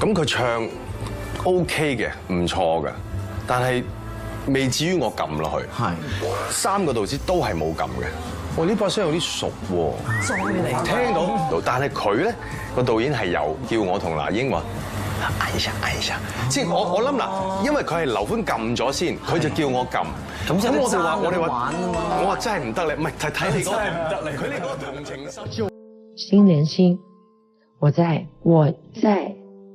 咁佢唱 OK 嘅，唔錯嘅，但係未至於我撳落去。係三個導師都係冇撳嘅。我呢把聲有啲熟喎。再嚟聽到，但係佢咧個導演係有叫我同那英話，哎呀哎呀！即係我我諗嗱，因為佢係劉歡撳咗先，佢就叫我撳。咁就係我哋話我哋話，我話真係唔得咧，唔係睇睇你真係唔得嚟。佢呢個同情心。心連心，我在，我在。